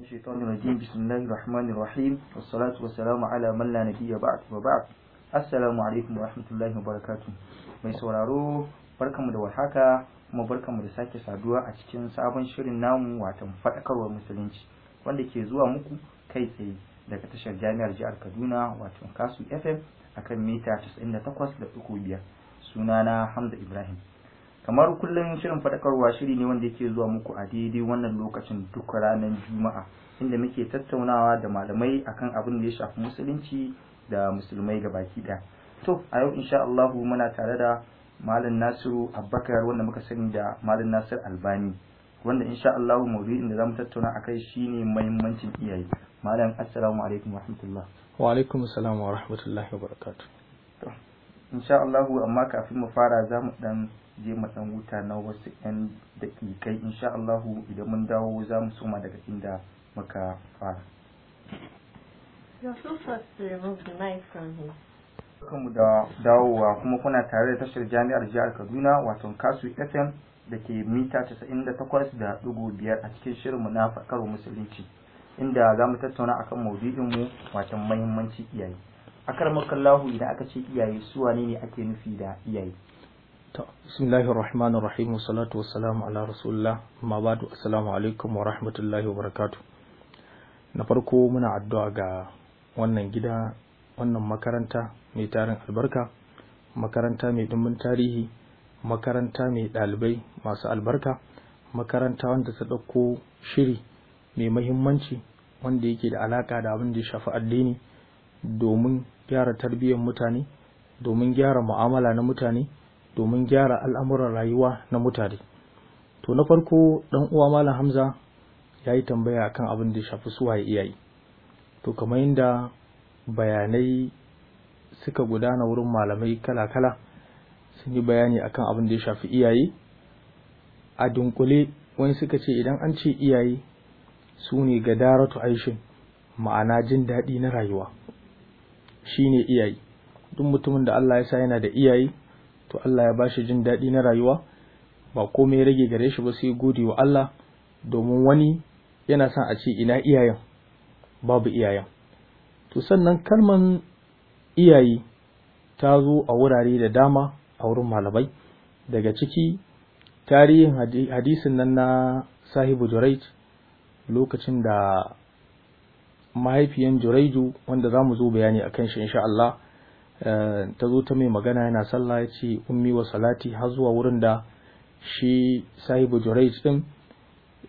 الشيطان الرجيم بسم الله الرحمن الرحيم والصلاة والسلام على من لا نبي بعد وبعد السلام alaikum ورحمة الله وبركاته mai sauraro barkanmu da warhaka kuma barkanmu da sake saduwa a cikin sabon shirin namu watan faɗakarwar musulunci wanda ke zuwa muku kai tsaye daga tashar jami'ar jihar Kaduna wato Kasu FM akan mita 98.5 sunana Hamza Ibrahim kamar kullum shirin faɗakarwa shiri ne wanda yake zuwa muku a daidai wannan lokacin duk ranar juma'a inda muke tattaunawa da malamai akan abin da ya shafi musulunci da musulmai baki ɗaya to a yau insha Allah muna tare da malam Nasiru Abubakar wanda muka sani da malam Nasir Albani wanda insha Allah maudu'in da zamu tattauna akai shine muhimmancin iyaye malam assalamu alaikum wa rahmatullah wa alaikum assalam wa rahmatullahi wa barakatuh insha Allahu amma kafin mu fara za mu dan je mu dan huta na wasu yan daƙiƙai insha Allahu idan mun dawo za mu soma daga inda muka fara mu da dawowa kuma kuna tare da tashar jami'ar jihar Kaduna wato Kasu FM da ke mita 98.5 a cikin shirinmu na faɗar musulunci inda za mu tattauna akan maudu'inmu wato mahimmanci iyaye makallahu idan aka ce iyaye su wane ne ake nufi da iyaye to bismillahir rahmanir rahim salatu wassalamu ala rasulullah amma ba'du assalamu alaikum wa rahmatullahi wa barakatuh na farko muna addu'a ga wannan gida wannan makaranta mai tarin albarka makaranta mai dimbin tarihi makaranta mai ɗalibai masu albarka makaranta wanda ta ɗauko shiri mai mahimmanci wanda yake da alaƙa da abin da ya shafi addini domin gyara tarbiyyar mutane domin gyara mu'amala na mutane domin gyara al'amuran rayuwa na mutane to na farko ɗan uwa malam hamza ya yi tambaya kan abin da ya shafi suwaye iyaye to kamar yadda bayanai suka gudana wurin malamai kala-kala sun yi bayani akan abin da ya shafi iyaye a dunkule wani suka ce idan an ce iyaye su ne ga daratu aishin ma'ana jin daɗi na rayuwa shine iyaye duk mutumin da Allah ya sa yana da iyaye to Allah ya bashi jin daɗi na rayuwa ba komai ya rage gare shi ba sai gode wa Allah domin wani yana son a ce ina iyayen babu iyayen to sannan kalman iyaye ta zo a wurare da dama a wurin malamai daga ciki tarihin hadisin nan na sahibu Jurayj lokacin da mahaifiyan juraidu wanda za mu zo bayani akan shi insha Allah eh, ta zo ta mai magana yana sallah ya ce ummi wa salati har zuwa wurin da shi sahibu juraid din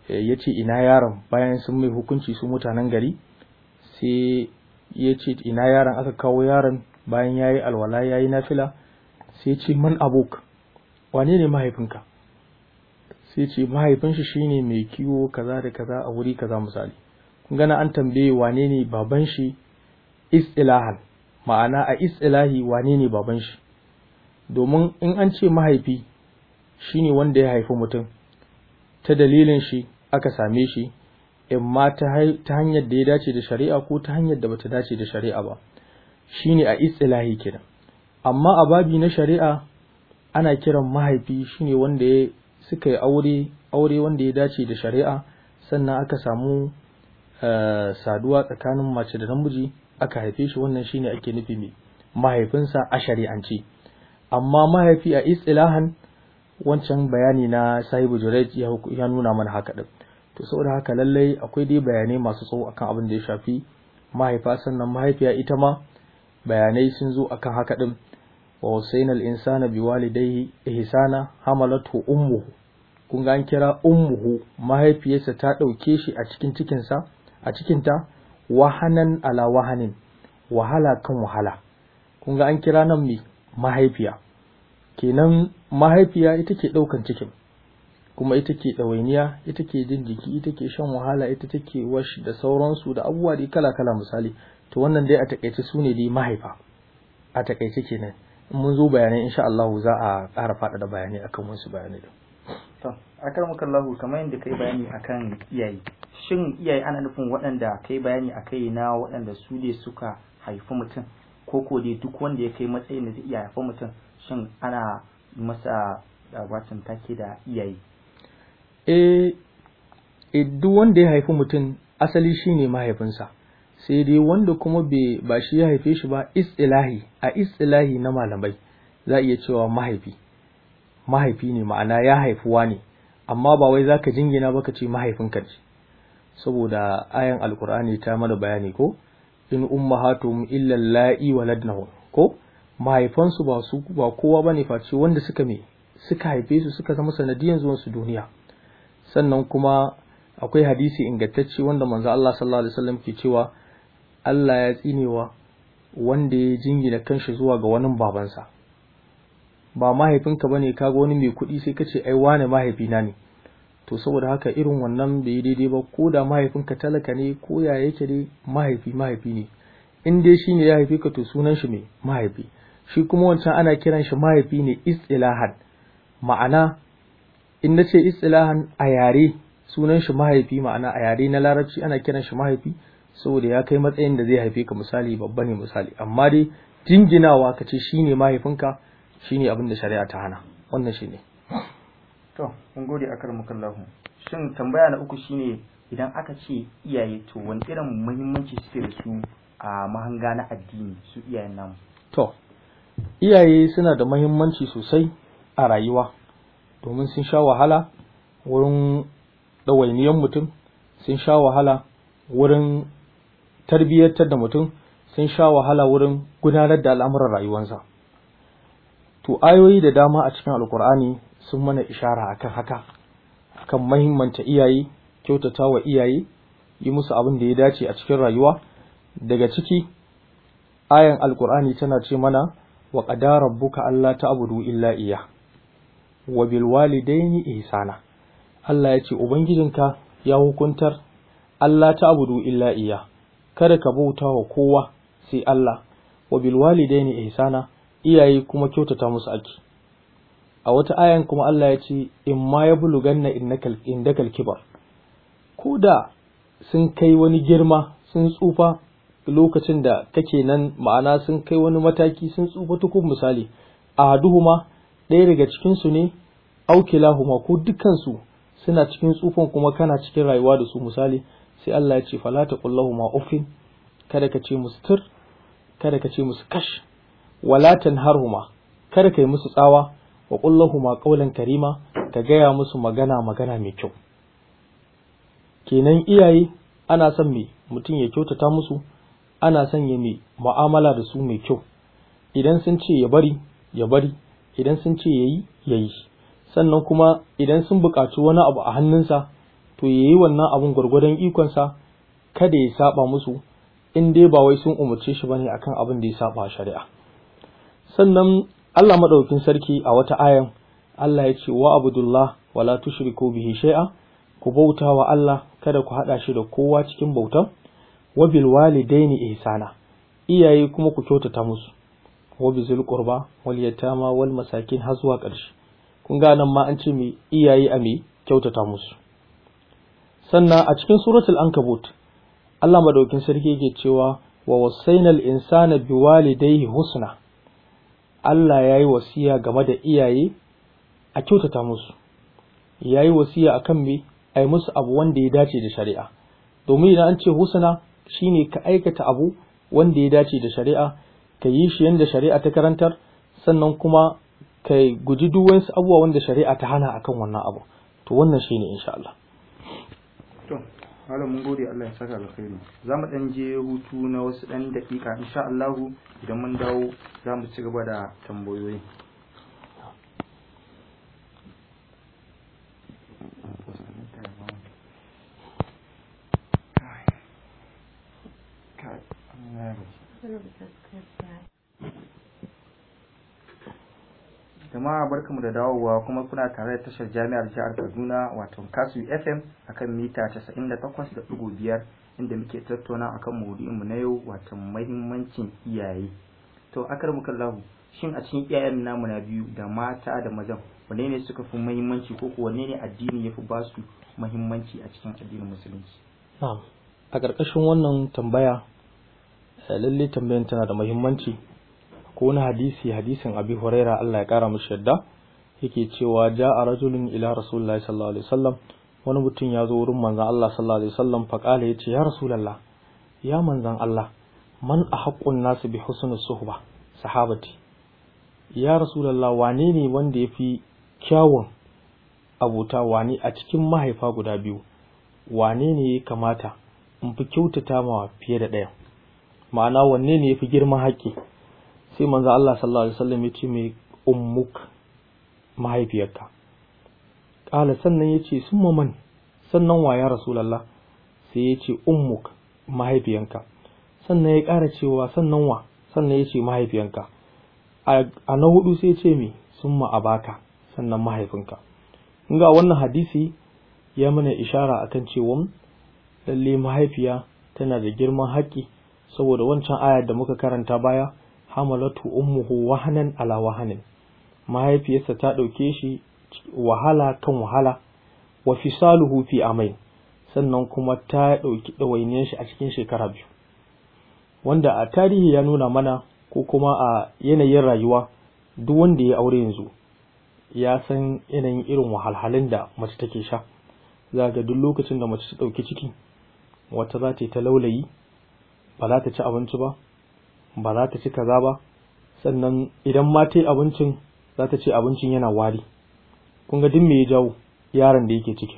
eh, ya ce ina yaron bayan sun mai hukunci su mutanen gari sai ya ce ina yaron aka kawo yaron bayan ya yi alwala ya yi nafila sai ce man abok wane ne mahaifinka sai ce mahaifin shi shine mai kiwo kaza da kaza a wuri kaza misali gana an tambaye wane ne baban shi istilahan ma'ana a istilahi wane ne baban shi domin in an ce mahaifi shine wanda ya haifi mutum ta dalilin shi aka same shi imma ta hanyar da ya dace da shari'a ko ta hanyar da bata dace da shari'a ba shine a istilahi kenan amma a babi na shari'a ana kiran mahaifi shine wanda ya suka yi aure wanda ya dace da shari'a sannan aka samu Eh, saduwa tsakanin mace da namiji aka haife shi wannan shine ake nufi mai mahaifinsa a shari'ance amma mahaifi a istilahan wancan bayani na sahibu jurej ya nuna mana haka din to saboda haka lallai akwai dai bayanai masu tsawo akan abin da ya shafi mahaifa sannan mahaifiya ita ma bayanai sun zo akan haka din wa wasaina insana biwalidayhi ihsana hamalatu ummuhu kun ga an kira ummuhu mahaifiyarsa ta dauke shi a cikin cikinsa a cikinta wahanan ala wahanin wahala kan wahala kun ga an kira nan mai mahaifiya kenan mahaifiya ita ke ɗaukan cikin kuma ita ke ɗawainiya ita ke jin jiki ita ke shan wahala ita take wash da sauransu da abubuwa dai kala kala misali to wannan dai a takaice su ne dai mahaifa a takaice kenan mun zo bayanai insha Allah za a ƙara faɗaɗa bayanai akan wasu bayanai akarmuka makallahu kamar yadda kai bayani akan iyaye shin iyaye ana nufin waɗanda kai bayani a kai na waɗanda su ne suka haifi mutum ko ko dai duk wanda ya kai matsayin da zai iya haifi mutum shin ana masa watan take da iyaye eh e, duk wanda ya haifi mutum asali shine mahaifinsa sai dai wanda kuma ba shi ya haife shi ba istilahi a istilahi na malamai za a iya cewa mahaifi mahaifi ne ma'ana ya haifuwa ne amma ba wai za ka jingina ba ka ce mahaifinka ne saboda ayan alkur'ani ta mana bayani ko in ummahatuhum illa la'i waladnahum ko mahaifansu ba su ba kowa bane face wanda suka me suka haife su suka zama sanadiyan zuwan su duniya sannan kuma akwai hadisi ingantacce wanda manzo Allah sallallahu alaihi wasallam ke cewa Allah ya tsinewa wanda ya jingina kanshi zuwa ga wani babansa ba mahaifinka ba bane kaga wani mai kuɗi sai kace ai wane mahaifina ne to saboda haka irin wannan bai yi daidai ba ko da mahaifinka talaka ne ko ya yake dai mahaifi mahaifi ne in dai shine ya haife ka to sunan shi mai mahaifi shi kuma wancan ana kiran shi mahaifi ne istilahan ma'ana in nace istilahan a yare sunan shi mahaifi ma'ana a yare na larabci ana kiran shi mahaifi saboda ya kai matsayin da zai haife ka misali babba ne misali amma dai jinginawa ka ce shine mahaifinka ne abin da shari'a ta hana wannan shi ne. to mun gode akar mukallahu shin tambaya na uku shine idan aka ce iyaye to wani irin muhimmanci suke da su a mahanga na addini su iyayen namu to iyaye suna da muhimmanci sosai a rayuwa domin sun sha wahala wurin ɗawainiyan mutum sun sha wahala wurin tarbiyyantar da mutum sun sha wahala wurin gudanar da al'amuran rayuwarsa to ayoyi da dama a cikin alkur'ani sun mana ishara akan haka Kan mahimmanta iyaye kyautata wa iyaye yi musu abin da ya dace a cikin rayuwa daga ciki ayan alkur'ani tana ce mana wa Allah rabbuka alla ta'budu illa iya wa bil walidaini ihsana Allah ya ce ubangijinka ya hukuntar Allah alla ta'budu illa iya kada ka bauta wa kowa sai Allah wa bil walidaini ihsana iyaye kuma kyautata musu ake a wata ayan kuma Allah ya ce in ma ya buluganna indakal kibar ko da sun kai wani girma sun tsufa lokacin da kake nan ma'ana sun kai wani mataki sun tsufa tukun misali a duhuma ɗaya daga cikinsu ne aukilahuma ko dukansu suna cikin tsufan kuma kana cikin rayuwa da su misali sai Allah ya ce fala ma ufin kada ka ce tur, kada ka ce musu kash wala tanharhuma kar kai musu tsawa wa qul ma qawlan karima ka gaya musu magana magana mai kyau kenan iyaye ana son me mutum ya kyautata musu ana son ya mai mu'amala da su mai kyau idan sun ce ya bari ya bari idan sun ce yayi yayi sannan kuma idan sun buƙaci wani abu a hannunsa to yayi wannan abun gwargwadon ikonsa kada ya saba musu in dai ba wai sun umurce shi bane akan abin da ya saba shari'a sannan Allah maɗaukin sarki a wata ayan Allah ya ce wa abdullah wala tushriku bihi shay'a ku bautawa Allah kada ku haɗa shi da kowa cikin bautan wa bil walidaini ihsana iyaye kuma ku kyautata musu wa bizil qurba wal yatama wal masakin har zuwa ƙarshe kun ga nan ma an ce mai iyaye a mai kyautata musu sannan a cikin suratul ankabut Allah Maɗaukin sarki yake cewa wa wasainal insana biwalidayhi husna Allah ya yi wasiya game da iyaye a kyautata musu ya yi wasiya kan me a yi musu abu wanda ya dace da shari'a domin idan an ce husana shi ne ka aikata abu wanda ya dace da shari'a ka yi shi yadda shari'a ta karantar sannan kuma ka guji duk wasu wanda shari'a ta hana akan wannan abu to wannan shine insha Allah malam mun gode Allah ya saka alkhairi za mu dan je hutu na wasu dan dakika insha Allah idan mun dawo za mu ci gaba da tambayoyi Thank you. jama'a barkamu da dawowa kuma kuna tare da tashar jami'ar jihar kaduna wato kasu fm akan mita biyar inda muke tattauna akan mu na yau wato mahimmancin iyaye to akar muka shin a cikin iyayen namu na biyu da mata da mazan wane ne suka fi mahimmanci ko wane ne addini ya fi basu mahimmanci a cikin addinin musulunci a ƙarƙashin wannan tambaya eh, lallai tambayan tana da mahimmanci ko wani hadisi hadisin abi huraira Allah ya kara mishi yadda yake cewa ja'a rajulun ila rasulullahi sallallahu alaihi wasallam wani mutum ya zo wurin manzon Allah sallallahu alaihi wasallam fa kala yace ya rasulullah ya manzon Allah man ahqqun nasu bi husni suhba sahabati ya rasulullah wane ne wanda yafi kyawun abota wani a cikin mahaifa guda biyu wane ne ya kamata in fi kyautata ma fiye da ɗaya ma'ana wanne ne ya fi girman haƙƙi sai manzo Allah sallallahu alaihi wasallam yace mai ummuk mahaifiyarka kala sannan yace summa man sannan wa ya rasulullah sai yace ummuk mahaifiyanka sannan ya ƙara cewa sannan wa sannan yace mahaifiyanka a na hudu sai yace me summa abaka sannan mahaifinka ga wannan hadisi ya mana ishara akan cewa lalle mahaifiya tana da girman haƙƙi saboda wancan ayar da muka karanta baya hamalatu ummuhu wahanan ala wahanin mahaifiyarsa ta dauke shi wahala kan wahala wa fisaluhu fi amai sannan kuma ta ɗauki dawainiyar shi a cikin shekara biyu wanda a tarihi ya nuna mana ko kuma a yanayin rayuwa duk wanda ya aure yanzu ya san yanayin irin wahalhalun da mace take sha za ga duk lokacin da mace ta ɗauki ciki wata za ta yi ta laulayi ba za ta ci abinci ba ba za ta ci kaza ba sannan idan ma ta abincin za ta ce abincin yana wari kun ga duk me ya jawo yaron da yake ciki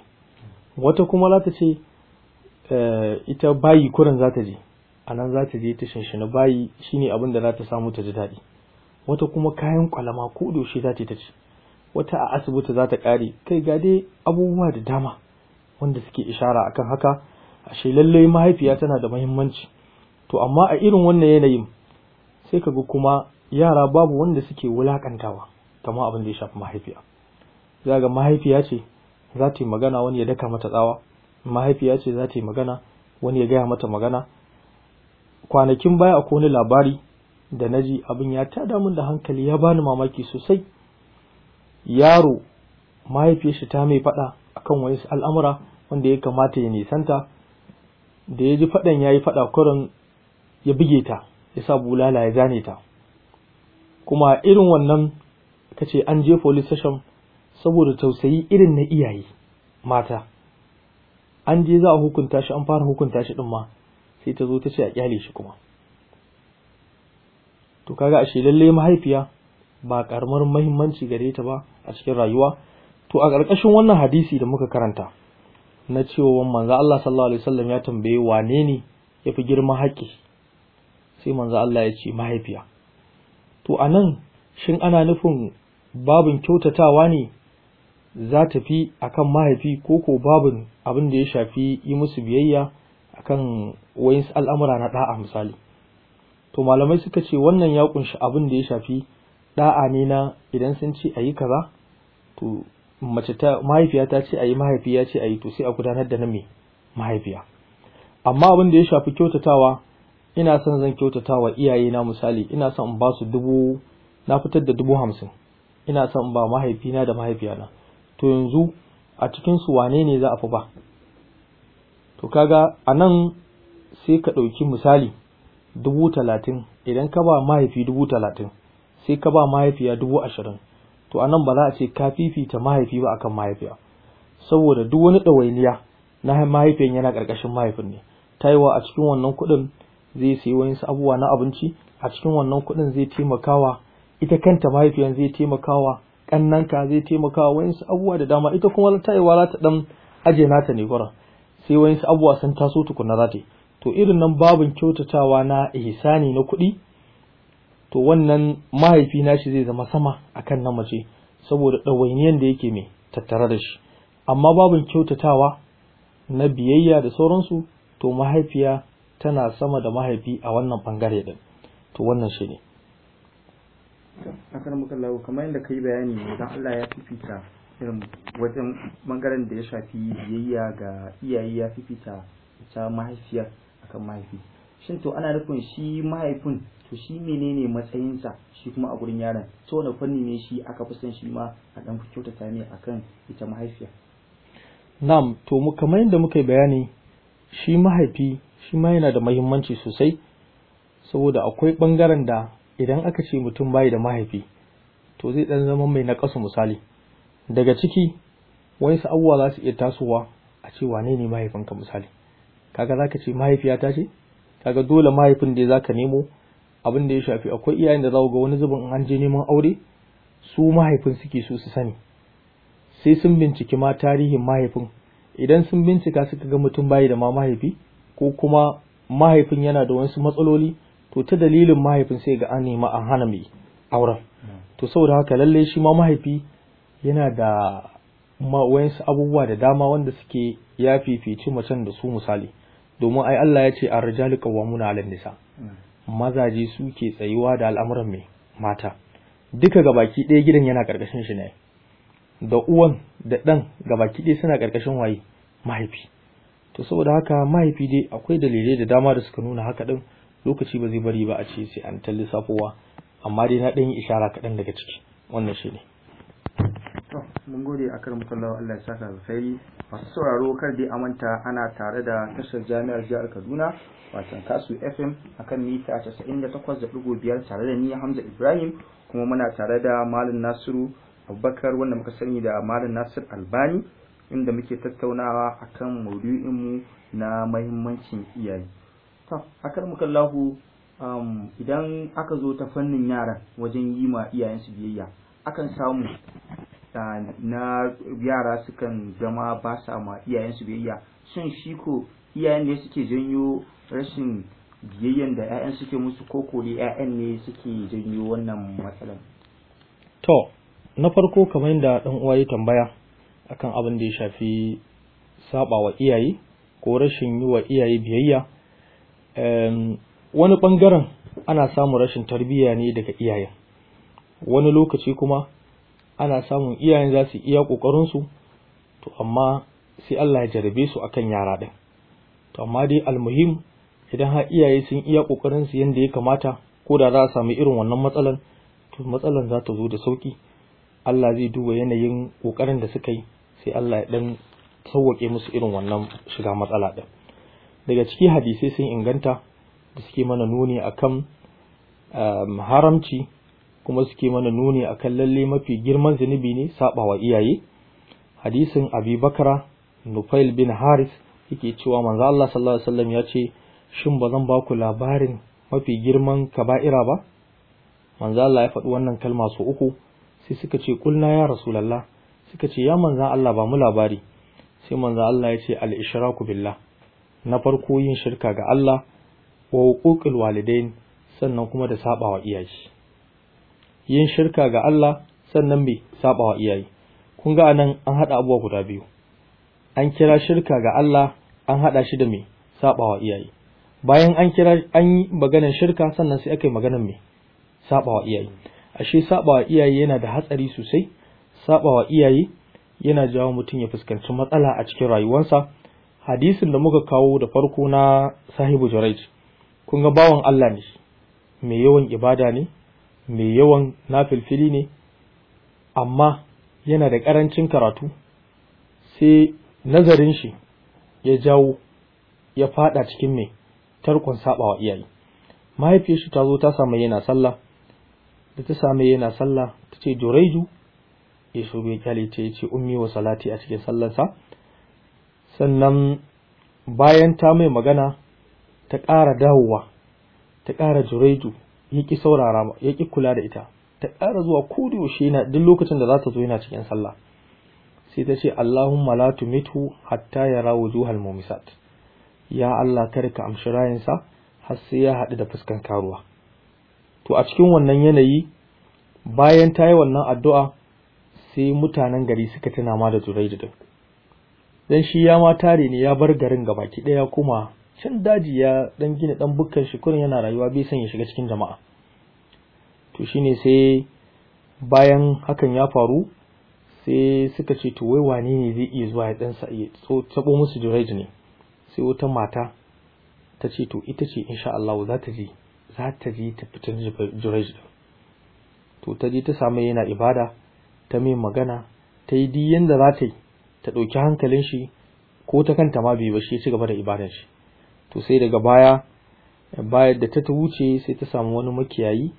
wata kuma za ta ce eh, ita bayi kuran za ta je a nan za ta je ta shinshina bayi shine abin da za ta samu ta ji daɗi wata kuma kayan kwalama ko doshe za ta ci wata a asibiti za ta ƙare kai ga dai abubuwa da dama wanda suke ishara akan haka ashe lallai mahaifiya tana da muhimmanci to amma a irin wannan yanayin sai ka ga kuma yara babu wanda suke wulakantawa kama abin da ya shafi mahaifiya za ga mahaifiya ce za ta yi magana wani ya daka mata tsawa mahaifiya ce za ta yi magana wani ya gaya mata magana kwanakin baya akwai wani labari da na ji abin ya ta damun da hankali ya bani mamaki sosai yaro mahaifiyar shi ta mai faɗa akan wani al'amura wanda ya kamata ya nisanta da ya ji faɗan ya yi faɗa kurin ya buge ta ya sa bulala ya zane ta kuma irin wannan ka ce an je police station saboda tausayi irin na iyaye mata an je za a hukunta shi an fara hukunta shi ɗin ma sai ta zo ta ce a kyale shi kuma to kaga ashe lalle mahaifiya ba karamar muhimmanci gare ta ba a cikin rayuwa to a ƙarƙashin wannan hadisi da muka karanta na cewa manzo Allah sallallahu alaihi wasallam ya tambaye wane ne fi girma haƙƙi?' sai manzo Allah ya ce mahaifiya to anan shin ana nufin babin kyautatawa ne za ta fi akan mahaifi ko ko babin abin da ya shafi yi musu biyayya akan wayansu al'amura na da'a misali to malamai suka ce wannan ya kunshi abin da ya shafi da'a ne na idan sun ce ayi kaza to mace ta mahaifiya ta ce ayi mahaifi ya ce ayi to sai a gudanar da na mai mahaifiya amma abin da ya shafi kyautatawa ina son zan kyautata wa iyaye na misali ina son in ba su dubu na fitar da dubu hamsin ina son in ba mahaifina da mahaifiyana to yanzu a cikin su wane ne za a fi ba to kaga a nan sai ka ɗauki misali dubu talatin idan ka ba mahaifi dubu talatin sai ka ba mahaifiya dubu ashirin to a nan ba za a ce ka fifita mahaifi ba akan mahaifiya saboda duk wani ɗawainiya na mahaifiyan yana ƙarƙashin mahaifin ne ta yi wa a cikin wannan kuɗin zai sayi wayansu abubuwa na abinci a cikin wannan kuɗin zai taimakawa ita kanta mahaifiyan zai taimakawa Ƙannanka zai taimakawa wayansu abubuwa da dama ita kuma tayewa za ta ɗan aje nata ne gwara sai wayansu abubuwa sun taso tukunna za ta yi to irin nan babin kyautatawa na ihsani na kuɗi to wannan mahaifi shi zai zama sama akan na mace saboda ɗawainiyan da yake mai tattare da shi amma babin kyautatawa na biyayya da sauransu to mahaifiya tana sama da mahaifi a wannan bangare din to wannan shi ne akar muka lawo kamar yadda kai bayani ne dan Allah ya fifita irin wajen bangaren da ya shafi biyayya ga iyaye ya fifita ta mahaifiyar akan mahaifi shin to ana nufin shi mahaifin to shi menene matsayinsa shi kuma a gurin yaron to wani fanni ne shi aka fi son shi ma a dan kyautata ne akan ita mahaifiya na'am to mu kamar yadda muka yi bayani shi mahaifi shi ma yana da mahimmanci sosai saboda akwai bangaren da idan aka ce mutum bayi da mahaifi to zai ɗan zama mai naƙasu misali daga ciki wani abubuwa za su iya tasowa a ce wane ne mahaifinka misali kaga ka ce mahaifiyata ce kaga dole mahaifin da za ka nemo abin da ya shafi akwai iyayen da za ga wani zubin in an je neman aure su mahaifin suke so su sani sai sun binciki ma tarihin mahaifin idan sun bincika suka ga mutum bayi da ma mahaifi ko kuma mahaifin yana da wasu matsaloli to ta dalilin mahaifin sai ga an nema a hana mai auren to saboda haka lalle shi ma mahaifi yana da wayansu abubuwa da dama wanda suke ya fifici macen da su misali domin ai Allah ya ce a rijali kawamuna 'alan nisa mazaje suke tsayuwa da al'amuran mai mata duka gabaki ɗaya gidan yana karkashin shi ne da uwan da ɗan gabaki ɗaya suna karkashin waye mahaifi to saboda haka mahaifi dai akwai dalilai da dama da suka nuna haka din lokaci ba zai bari ba a ce sai an talli safowa amma dai na ɗan yi ishara kaɗan daga ciki wannan ne. to mun gode a karin musallawa Allah ya saka alkhairi masu sauraro kar dai a manta ana tare da tashar jami'ar jihar Kaduna wato kasu FM akan mita 98.5 tare da ni Hamza Ibrahim kuma muna tare da Malam Nasiru Abubakar wanda muka sani da Malam Nasir Albani inda muke tattaunawa a kan maudu'inmu na mahimmancin iyaye to akar mukallahu um, idan aka zo ta fannin yara wajen yi ma iyayensu biyayya akan samu na yara sukan zama ba sa ma iyayensu biyayya shin shi ko iyayen ne suke janyo rashin biyayyan da 'ya'yan suke musu ko ko 'ya'yan ne suke janyo wannan matsalan to na farko kamar yadda ɗan uwa ya tambaya akan abin da ya shafi saba wa iyaye ko rashin yi wa iyaye biyayya wani bangaren ana samun rashin tarbiyya ne daga iyayen wani lokaci kuma ana samun iyayen za su iya ƙoƙarinsu to amma sai Allah ya jarabe su akan yara ɗin to amma dai almuhim idan har iyaye sun iya ƙoƙarinsu yadda ya kamata ko da za a samu irin wannan matsalan to matsalan za ta zo da sauki Allah zai duba yanayin kokarin da suka yi sai Allah ya ɗan sauwake musu irin wannan shiga matsala ɗin. daga ciki hadisai sun inganta da suke mana nuni akan um, haramci kuma suke mana nuni akan lalle mafi girman zunubi ne saɓawa iyaye hadisin Abi Nufail bin Haris yake cewa manzo Allah sallallahu alaihi wasallam ya ce shin ba zan ba ku labarin mafi girman kaba'ira ba manzo Allah ya faɗi wannan kalma su uku sai suka ce kulna ya rasulullah suka ce ya manzan Allah ba mu labari sai manzan Allah ya ce al-ishraku billah na farko yin shirka ga Allah wa huququl walidain sannan kuma da sabawa iyaye yin shirka ga Allah sannan bi sabawa iyaye kun ga anan an haɗa abuwa guda biyu an kira shirka ga Allah an hada shi da me sabawa iyaye bayan an kira an yi maganar shirka sannan sai aka yi maganar me sabawa iyaye ashe sabawa iyaye yana da hatsari sosai sabawa iyaye yana jawo mutum ya fuskanci matsala a cikin rayuwarsa hadisin da muka kawo da farko na sahibu juraij kun ga bawan Allah ne mai yawan ibada ne mai yawan na filfili ne amma yana da karancin karatu sai nazarin shi ya jawo ya fada cikin mai tarkon sabawa iyaye mahaifiyar shi ta zo ta samu yana sallah da ta same yana sallah ta ce juraiju ya shigo kyale ta ce ummi wa salati a cikin sallarsa sannan bayan ta mai magana ta ƙara dawowa ta ƙara juraiju ya ƙi saurara ya ƙi kula da ita ta ƙara zuwa kudu shi na duk lokacin da za ta zo yana cikin sallah sai ta ce Allahumma la tumitu hatta ya rawo juhal mumisat ya Allah kar ka amshi rayinsa har sai ya haɗu da fuskan karuwa to a cikin wannan yanayi bayan ta yi wannan addu'a sai mutanen gari suka tana ma da da duk Don shi ya ma tare ne ya bar garin baki ɗaya kuma can daji ya dan gina ɗan bukkan shi kurin yana rayuwa bai san ya shiga cikin jama'a to shine sai bayan hakan ya faru sai suka ce to wai wane ne zai iya zuwa ya dan sa ya musu ne sai wata mata ta ce to ita ce insha Allah za ta je za ta je ta fita Jurayj da to ta je ta samu yana ibada ta mai magana ta yi diyan da za ta yi ta ɗauki hankalin shi ko ta kanta ma bai ba shi ci gaba da ibadar shi to sai daga baya bayan da ta ta wuce sai ta samu wani makiyayi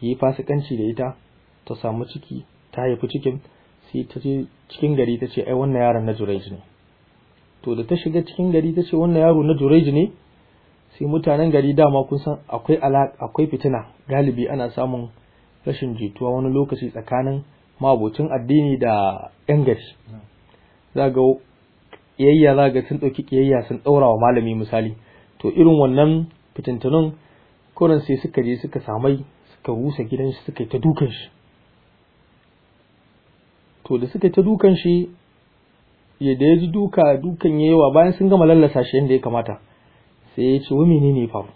yi fasikanci da ita ta samu ciki ta haifi cikin sai ta je cikin gari ta ce ai wannan yaron na Jurayj ne to da ta shiga cikin gari ta ce wannan yaro na Jurayj ne sai mutanen gari dama kun san akwai akwai fitina galibi ana samun rashin jituwa wani lokaci tsakanin mabocin addini da yan gari za ga yayya za ga sun ɗauki kiyayya sun ɗaura wa malami misali to irin wannan fitintunan kurin sai suka je suka samai suka rusa gidan shi suka yi ta dukan shi to da suka yi ta dukan shi ya ya ji duka dukan yawa bayan sun gama lallasa shi yadda ya kamata sai ya ce wa menene ya faru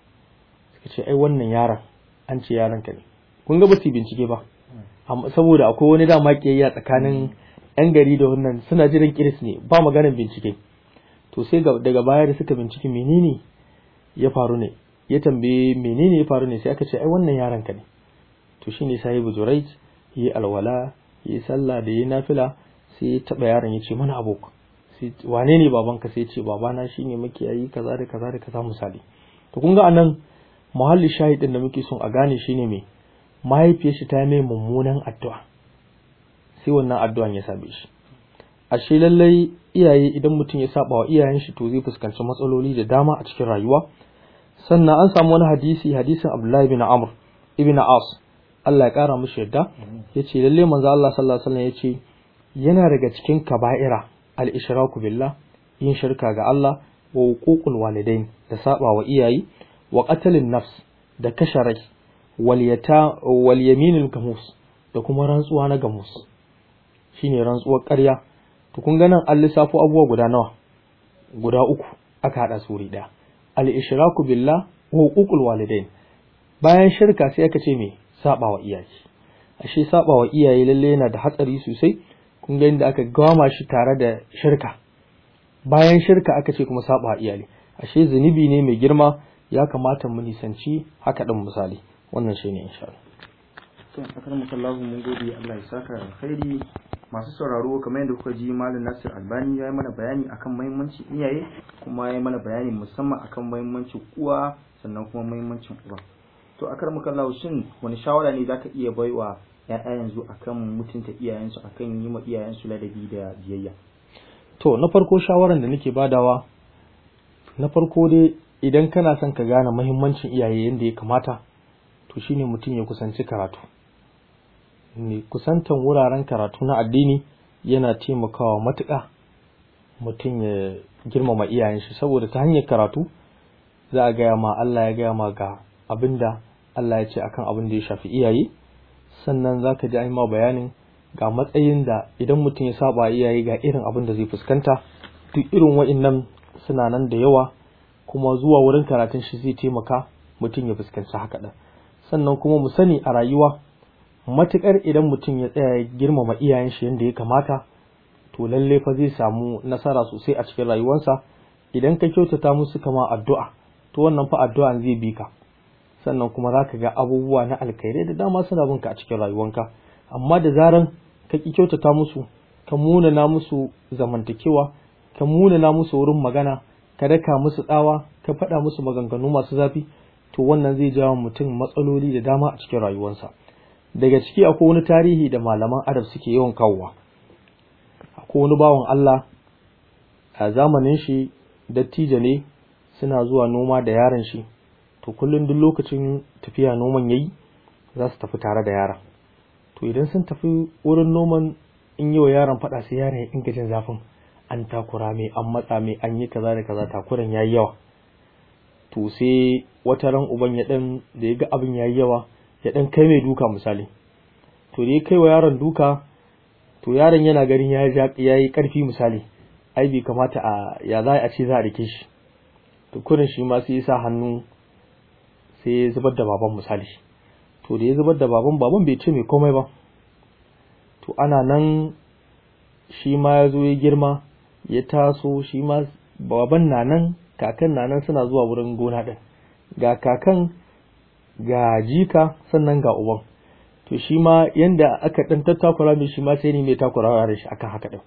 suka ce ai wannan yaron an ce yaran ka ne kun ga basu bincike ba saboda akwai wani dama a tsakanin yan gari da wannan suna jiran kiris ne ba maganar bincike to sai daga baya da suka bincike menene ya faru ne ya tambaye menene ya faru ne sai aka ce ai wannan yaran ka ne to shine sahibu jurait yi alwala yi sallah da yi nafila sai ya taba yaron ya ce mana abok wane ne babanka sai ce babana shine makiyayi kaza da kaza da kaza misali to kun ga anan muhalli shahidin da muke son a gane shine me mahaifiyar shi ta mai mummunan addu'a sai wannan addu'an ya same shi ashe lallai iyaye idan mutum ya saba wa iyayen shi to zai fuskanci matsaloli da dama a cikin rayuwa sannan an samu wani hadisi hadisin Abdullahi bin Amr ibn As Allah ya kara mishi yadda yace lallai manzo Allah sallallahu alaihi wasallam yace yana daga cikin kaba'ira al’ishiraku billah yin shirka ga Allah wa hukukun walidain da saba wa iyaye wa qatlin nafs da kashe rai wal gamus da kuma rantsuwa na gamus Shi ne rantsuwar ƙarya tukun ganin an lissafo abubuwa guda nawa guda uku aka haɗa su wuri daya al billah wa hukukun walidain bayan shirka sai aka ce mai saba wa iyaye ashe saba wa iyaye lallai yana da hatsari sosai kun ga inda aka gama shi tare da shirka bayan shirka aka ce kuma saba iyali ashe zunubi ne mai girma ya kamata mu nisanci haka din misali wannan shine insha Allah to akar sallahu mun gode Allah ya saka alkhairi masu sauraro kamar yadda kuka ji malam Nasir Albani ya yi mana bayani akan muhimmancin iyaye kuma ya yi mana bayani musamman akan muhimmancin uwa sannan kuma muhimmancin uba to akar mukallahu shin wani shawara ne zaka iya baiwa 'ya'ya yanzu akan mutunta iyayensu akan yi ma iyayensu ladabi da biyayya to na farko shawaran da nake badawa na farko dai idan kana son ka gane mahimmancin iyaye yadda ya kamata to shine mutum ya kusanci karatu ne kusantan wuraren karatu na addini yana taimakawa matuka mutum ya girmama iyayen shi, saboda ta hanyar karatu za a gaya ma Allah ya gaya ma ga abinda Allah ya ce akan abin da ya shafi iyaye sannan za ka ji an ma bayanin ga matsayin da idan mutum ya saba iyaye ga irin abin da zai fuskanta duk irin wa'innan suna nan da yawa kuma zuwa wurin karatun shi zai taimaka mutum ya fuskanci haka ɗin sannan kuma mu sani a rayuwa matuƙar idan mutum ya tsaya ya girmama iyayen shi yadda ya kamata to lalle fa zai samu nasara sosai a cikin rayuwarsa idan ka kyautata musu kama addu'a to wannan fa addu'an zai bi ka sannan kuma za ka ga abubuwa na alkhairai da dama suna binka a cikin rayuwanka amma da zaran ka ki kyautata musu ka munana musu zamantakewa ka munana musu wurin magana ka daka musu tsawa ka faɗa musu maganganu masu zafi to wannan zai jawo mutum matsaloli da dama a cikin rayuwarsa daga ciki akwai wani tarihi da malaman arab suke yawan kawowa akwai wani bawan Allah a zamanin shi dattijo ne suna zuwa noma da yaron shi to kullum duk lokacin tafiya noman yayi za su tafi tare da yaran, to idan sun tafi wurin noman in yi wa yaron faɗa sai yaran ya dinga jin zafin an takura mai an matsa mai an yi kaza da kaza takuran yayi yawa to sai wata ran uban ya dan da ya ga abin yayi yawa ya dan kai mai duka misali to da ya kai wa yaron duka to yaron yana ganin ya yi karfi misali ai bai kamata a ya za a ce za a rike shi to kurin shi ma sai ya sa hannu sai ya zubar da baban misali to da ya zubar da baban baban bai ce mai komai ba to ana nan shi ma ya zo ya girma ya taso shi ma baban na nan kakan na nan suna zuwa wurin gona ɗin ga kakan ga jika sannan ga uban to shi ma yanda aka ɗan tattakura mai shi ma sai ne mai takurawa da shi akan haka ɗin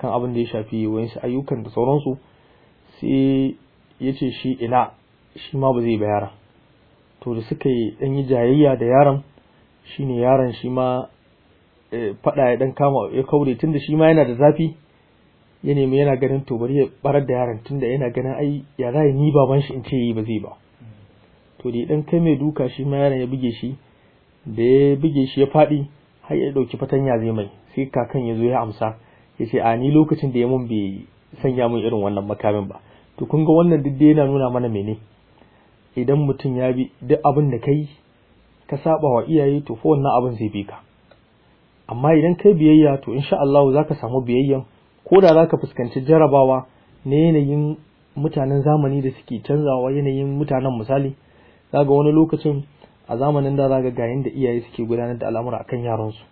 kan abin da ya shafi wayansu ayyukan da sauransu sai ya ce shi ina shi ma ba zai bayara to da suka yi dan yi jayayya da yaron shine yaron shi ma eh, fada ya dan kama ya kaure tunda shi ma yana da zafi ya nemi yana ganin to bari ya barar da yaron tunda yana ganin ai ya za ni baban shi in ce yi ba zai ba to da dan kai mai duka shi ma yaron ya buge shi da ya buge shi ya fadi har ya dauki fatanya zai mai sai kakan ya zo ya amsa ya ce a ni lokacin da ya mun bai sanya mun irin wannan makamin ba to kun ga wannan duk yana nuna mana mene idan mutum ya bi duk abin da kai ka saba wa iyaye to fa wannan abin zai bi ka amma idan kai biyayya to insha Allah zaka samu biyayyan ko da zaka fuskanci jarabawa na yanayin mutanen zamani da suke canzawa yanayin mutanen misali zaga wani lokacin a zamanin da zaga ga yanda iyaye suke gudanar da al'amura akan yaransu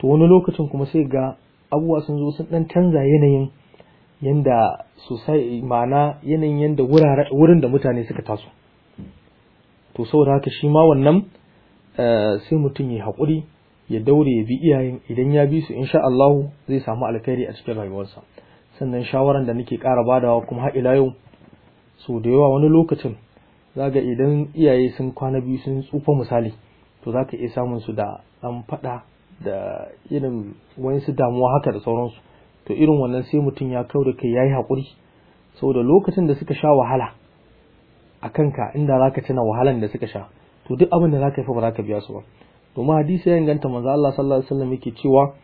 to wani lokacin kuma sai ga abuwa sun zo sun dan canza yanayin yanda sosai ma'ana yanayin yanda wurin da mutane suka taso to saboda haka shi ma wannan eh, sai mutum ya haƙuri ya daure ya bi iyayen idan ya bi su insha Allah zai samu alkhairi a cikin rayuwarsa sannan shawaran da nake ƙara badawa kuma har ila yau so da yawa wani lokacin zaga idan iyaye sun kwana biyu sun tsufa misali to zaka iya samun su da ɗan faɗa da irin wayansu damuwa haka da sauransu to irin wannan sai mutum ya kau da kai yayi hakuri saboda lokacin da suka sha wahala a kanka inda za ka cina wahalan da suka sha to duk abin da ka yi fa ba za ka biya su ba domin hadisi ya inganta manzo Allah sallallahu alaihi wasallam yake cewa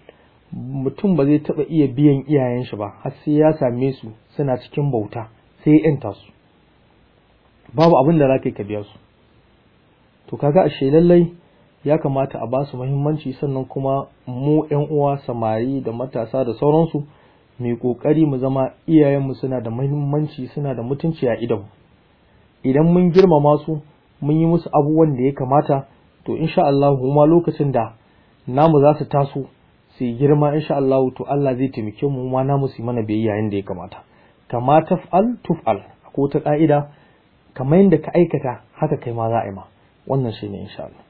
mutum ba zai taba iya biyan iyayen shi ba har sai ya same su suna cikin bauta sai ya yanta su babu abin da ka yi ka biya su to kaga ashe lallai ya kamata a basu muhimmanci sannan kuma mu 'yan uwa samari da matasa da sauransu mai ƙoƙari mu zama iyayenmu suna da muhimmanci suna da mutunci a idonmu idan mun girmama su mun yi musu abubuwan da ya kamata to insha Allah lokacin da namu za su taso su girma insha Allah to Allah zai taimake mu ma namu su mana biyayya da ya kamata kama taf'al tuf'al ko ta ka'ida kamar yadda ka aikata haka kai ma za a yi ma wannan shine insha Allah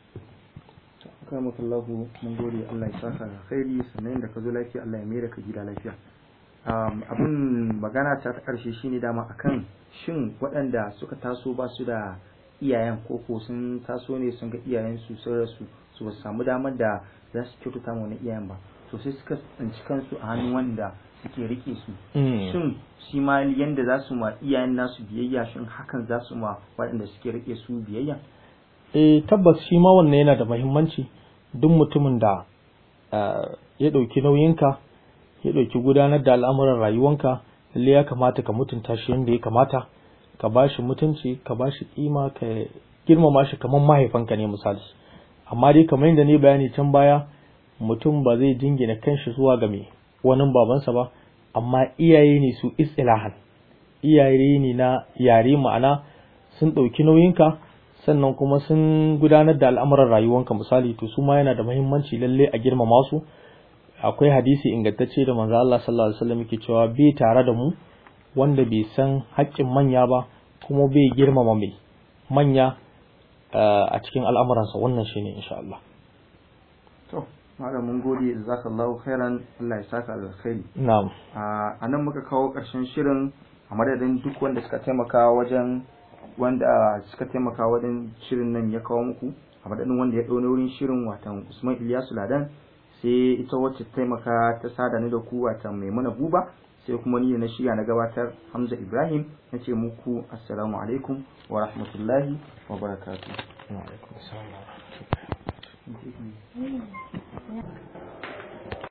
rahmatullahu mun gode Allah ya saka khairi sannan da ka zo lafiya Allah ya mera ka gida lafiya um, abun magana ta karshe shine dama akan shin waɗanda suka taso ba su da iyayen ko sun taso ne sun ga iyayen su sun rasu su ba samu damar da za su kyautata mu na iyayen ba to sai suka tsinci kansu a hannun wanda suke rike su hmm. shin shi ma yanda za su ma iyayen nasu biyayya shin hakan za su ma waɗanda suke rike su biyayya eh tabbas shi ma wannan yana da muhimmanci duk mutumin da ya ɗauki nauyinka ya ɗauki gudanar da al'amuran rayuwanka ya kamata ka mutunta shi yadda ya kamata ka ba shi mutunci ka ba shi ƙima, ka girmama shi kamar mahaifanka ne misali amma dai kamar yadda ne bayani can baya mutum ba zai jingina kanshi zuwa ga mai wani babansa ba amma iyaye ne su ilahan iyaye ne na yare ma'ana sun ɗauki nauyinka sannan kuma sun gudanar da al'amuran rayuwanka misali to su ma yana da muhimmanci lalle a girmama su akwai hadisi ingantacce da manzo Allah sallallahu alaihi wasallam yake cewa bai tare da mu wanda bai san haƙƙin manya ba kuma bai girmama mai manya eh, a cikin al'amuransa wannan shine insha Allah to malam mun gode jazakallahu khairan Allah ya saka alkhairi na'am ah, a nan muka kawo ƙarshen shirin a madadin duk wanda suka taimaka wajen wanda suka taimaka wajen shirin nan ya kawo muku a madadin wanda ya ɗaune wurin shirin watan usman ilyasu ladan sai ita wacce taimaka ta sada ni da ku watan maimuna buba sai kuma ni na shirya na gabatar hamza ibrahim na ce muku assalamu alaikum wa rahmatullahi wa barakatuh